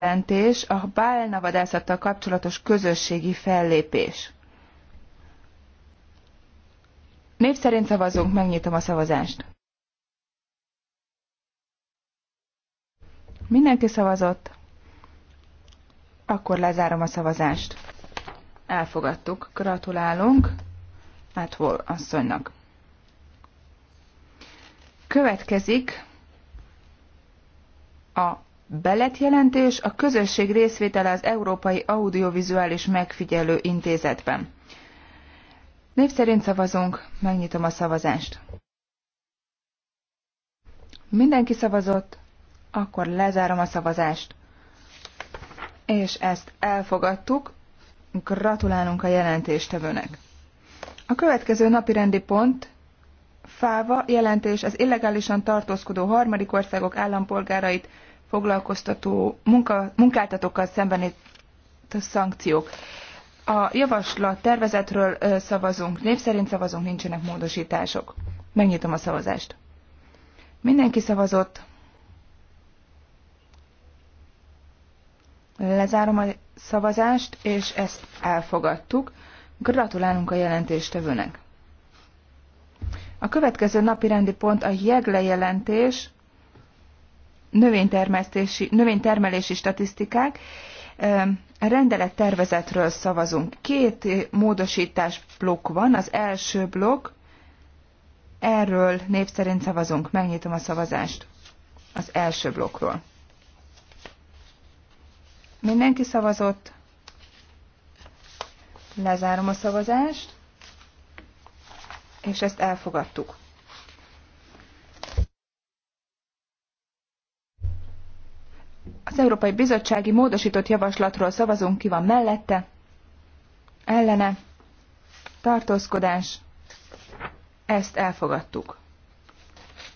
jelentés a bálnavadászattal kapcsolatos közösségi fellépés. Név szerint szavazunk, megnyitom a szavazást. Mindenki szavazott? Akkor lezárom a szavazást. Elfogadtuk. Gratulálunk hol asszonynak. Következik a Belet jelentés a közösség részvétele az Európai Audiovizuális Megfigyelő Intézetben. Név szerint szavazunk, megnyitom a szavazást. Mindenki szavazott, akkor lezárom a szavazást. És ezt elfogadtuk, gratulálunk a jelentéstevőnek. A következő napi rendi pont Fáva jelentés az illegálisan tartózkodó harmadik országok állampolgárait foglalkoztató munka, munkáltatókkal szembeni szankciók. A javaslat tervezetről szavazunk, név szerint szavazunk, nincsenek módosítások. Megnyitom a szavazást. Mindenki szavazott. Lezárom a szavazást, és ezt elfogadtuk. Gratulálunk a jelentéstevőnek. A következő napi rendi pont a jegle jelentés, növénytermesztési, növénytermelési statisztikák, a rendelet tervezetről szavazunk. Két módosítás blokk van. Az első blokk, erről név szerint szavazunk. Megnyitom a szavazást az első blokkról. Mindenki szavazott. Lezárom a szavazást, és ezt elfogadtuk. Az Európai Bizottsági módosított javaslatról szavazunk, ki van mellette, ellene, tartózkodás, ezt elfogadtuk.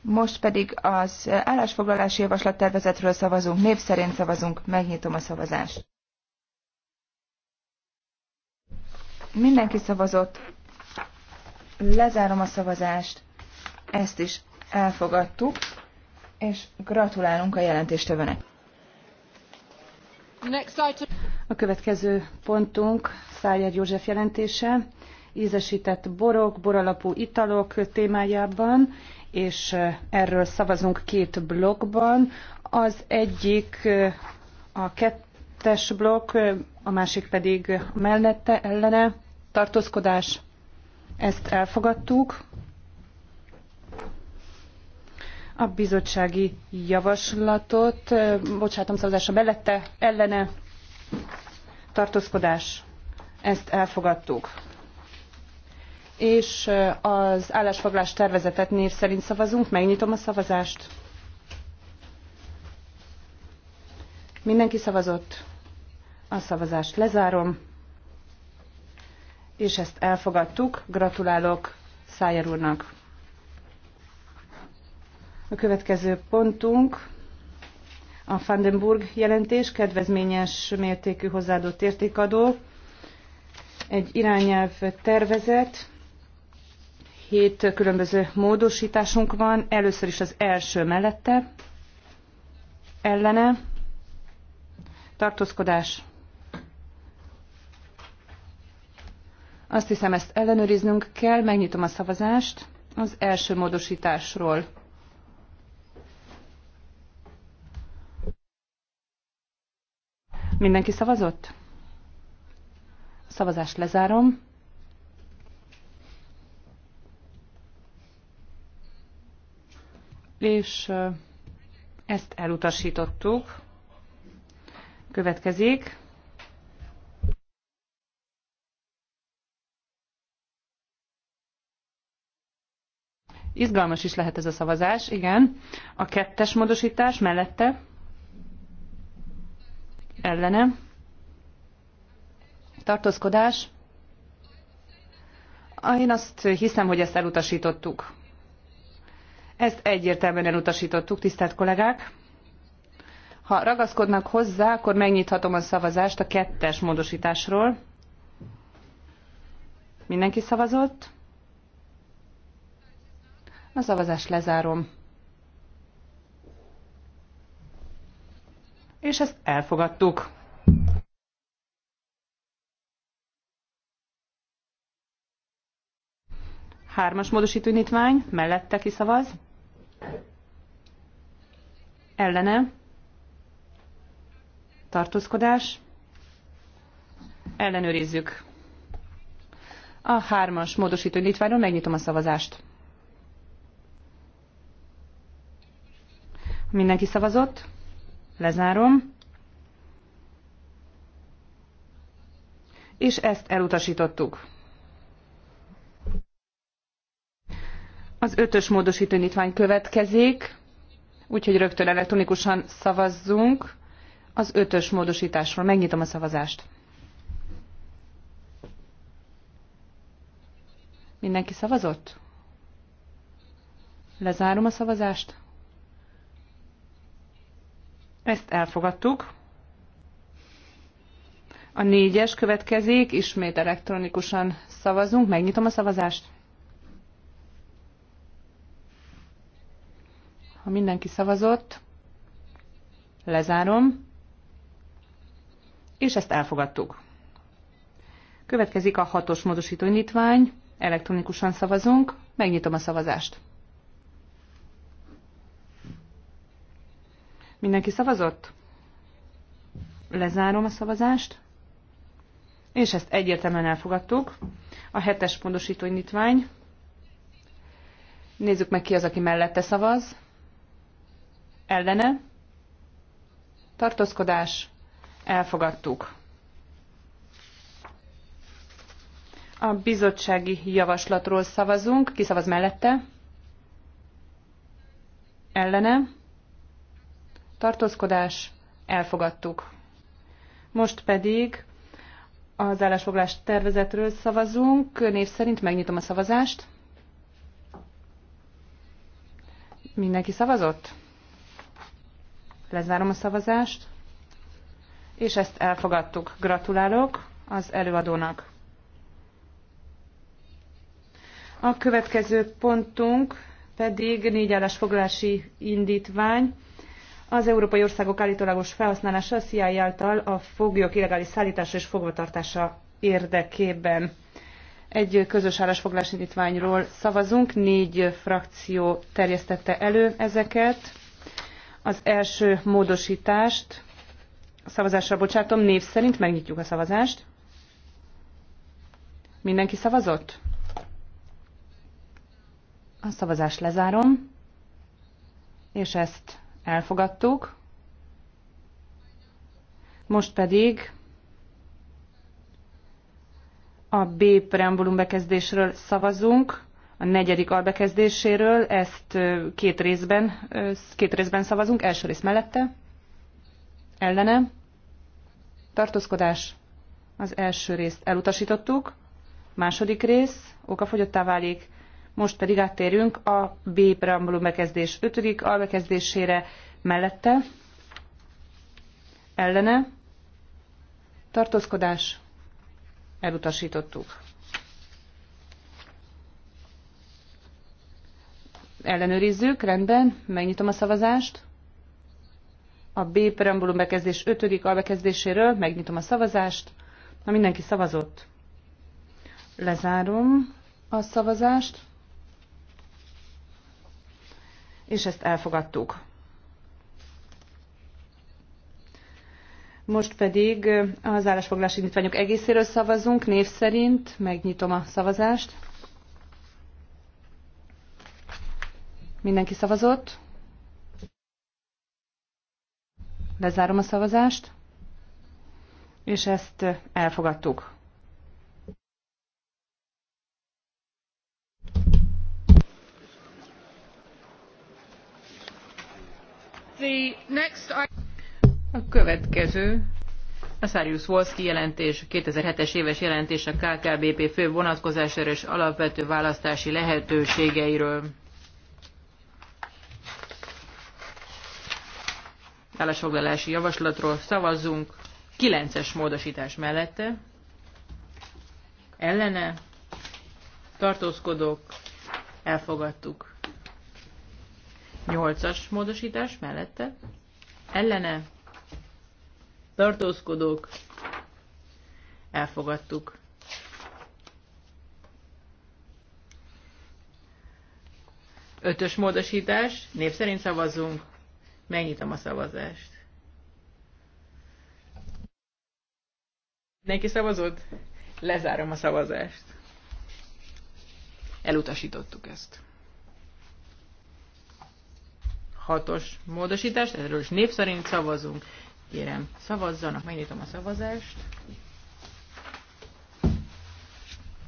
Most pedig az állásfoglalási javaslattervezetről szavazunk, név szerint szavazunk, megnyitom a szavazást. Mindenki szavazott, lezárom a szavazást, ezt is elfogadtuk, és gratulálunk a jelentéstevőnek. A következő pontunk Szájer József jelentése, ízesített borok, boralapú italok témájában, és erről szavazunk két blokkban. Az egyik a kettes blokk, a másik pedig mellette ellene tartózkodás. Ezt elfogadtuk. A bizottsági javaslatot, bocsátom szavazásra mellette, ellene tartózkodás, ezt elfogadtuk. És az állásfoglás tervezetet név szerint szavazunk, megnyitom a szavazást. Mindenki szavazott, a szavazást lezárom, és ezt elfogadtuk. Gratulálok Szájer úrnak! A következő pontunk a Vandenburg jelentés, kedvezményes mértékű hozzáadott értékadó, egy irányelv tervezet, hét különböző módosításunk van, először is az első mellette, ellene, tartózkodás. Azt hiszem, ezt ellenőriznünk kell, megnyitom a szavazást az első módosításról. Mindenki szavazott? A szavazást lezárom. És ezt elutasítottuk. Következik. Izgalmas is lehet ez a szavazás, igen. A kettes módosítás mellette ellene, tartózkodás. Ah, én azt hiszem, hogy ezt elutasítottuk. Ezt egyértelműen elutasítottuk, tisztelt kollégák. Ha ragaszkodnak hozzá, akkor megnyithatom a szavazást a kettes módosításról. Mindenki szavazott? A szavazást lezárom. és ezt elfogadtuk. Hármas módosító indítvány, mellette kiszavaz. Ellene. Tartózkodás. Ellenőrizzük. A hármas módosító indítványról megnyitom a szavazást. Mindenki szavazott? Lezárom. És ezt elutasítottuk. Az ötös módosító indítvány következik, úgyhogy rögtön elektronikusan szavazzunk az ötös módosításról. Megnyitom a szavazást. Mindenki szavazott? Lezárom a szavazást. Ezt elfogadtuk. A négyes következik, ismét elektronikusan szavazunk. Megnyitom a szavazást. Ha mindenki szavazott, lezárom, és ezt elfogadtuk. Következik a hatos módosító elektronikusan szavazunk, megnyitom a szavazást. Mindenki szavazott? Lezárom a szavazást. És ezt egyértelműen elfogadtuk. A hetes pontosító indítvány. Nézzük meg ki az, aki mellette szavaz. Ellene. Tartózkodás. Elfogadtuk. A bizottsági javaslatról szavazunk. Ki szavaz mellette? Ellene tartózkodás, elfogadtuk. Most pedig az állásfoglalás tervezetről szavazunk. Név szerint megnyitom a szavazást. Mindenki szavazott? Lezárom a szavazást. És ezt elfogadtuk. Gratulálok az előadónak. A következő pontunk pedig négy állásfoglási indítvány az európai országok állítólagos felhasználása a CIA által a foglyok illegális szállítása és fogvatartása érdekében. Egy közös állásfoglalás indítványról szavazunk, négy frakció terjesztette elő ezeket. Az első módosítást szavazásra bocsátom, név szerint megnyitjuk a szavazást. Mindenki szavazott? A szavazást lezárom, és ezt elfogadtuk. Most pedig a B preambulum bekezdésről szavazunk, a negyedik albekezdéséről, ezt két részben, két részben szavazunk, első rész mellette, ellene, tartózkodás, az első részt elutasítottuk, második rész, okafogyottá válik, most pedig áttérünk a B preambulum bekezdés 5. albekezdésére mellette, ellene, tartózkodás, elutasítottuk. Ellenőrizzük, rendben, megnyitom a szavazást. A B preambulum bekezdés 5. albekezdéséről megnyitom a szavazást. Na mindenki szavazott. Lezárom a szavazást és ezt elfogadtuk. Most pedig az állásfoglalási indítványok egészéről szavazunk, név szerint. Megnyitom a szavazást. Mindenki szavazott? Lezárom a szavazást, és ezt elfogadtuk. A következő a Szárius jelentés, 2007-es éves jelentés a KKBP fő vonatkozásáról és alapvető választási lehetőségeiről. Állásfoglalási javaslatról szavazzunk. 9-es módosítás mellette. Ellene. Tartózkodók. Elfogadtuk. Nyolcas módosítás mellette. Ellene. Tartózkodók. Elfogadtuk. Ötös módosítás. Név szerint szavazzunk. Megnyitom a szavazást. Neki szavazott? Lezárom a szavazást. Elutasítottuk ezt. 6-os módosítást, erről is név szerint szavazunk. Kérem, szavazzanak, megnyitom a szavazást.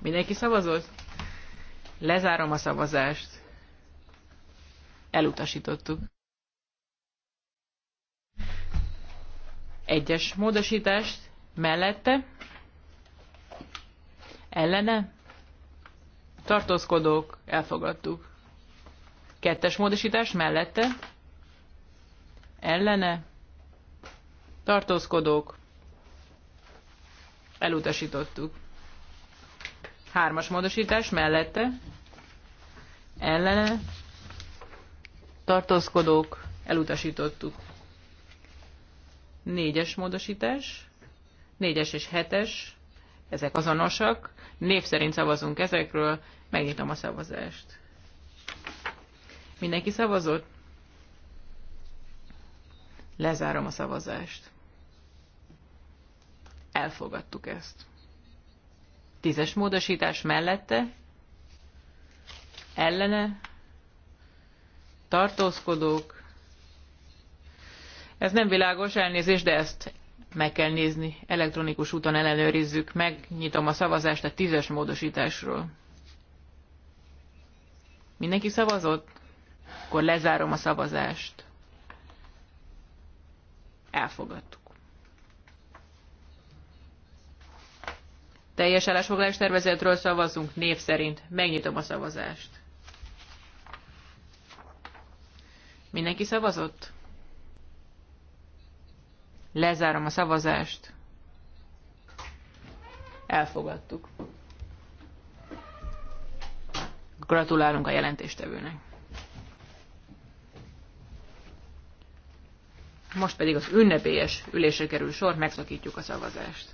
Mindenki szavazott? Lezárom a szavazást. Elutasítottuk. Egyes módosítást mellette. Ellene. Tartózkodók, elfogadtuk. Kettes módosítást mellette ellene, tartózkodók, elutasítottuk. Hármas módosítás mellette, ellene, tartózkodók, elutasítottuk. Négyes módosítás, négyes és hetes, ezek azonosak, név szerint szavazunk ezekről, megnyitom a szavazást. Mindenki szavazott? Lezárom a szavazást. Elfogadtuk ezt. Tízes módosítás mellette, ellene, tartózkodók. Ez nem világos elnézés, de ezt meg kell nézni. Elektronikus úton ellenőrizzük Megnyitom a szavazást a tízes módosításról. Mindenki szavazott? Akkor lezárom a szavazást. Elfogadtuk. Teljes állásfoglalás tervezetről szavazunk név szerint. Megnyitom a szavazást. Mindenki szavazott? Lezárom a szavazást. Elfogadtuk. Gratulálunk a jelentéstevőnek. Most pedig az ünnepélyes ülésre kerül sor, megszakítjuk a szavazást.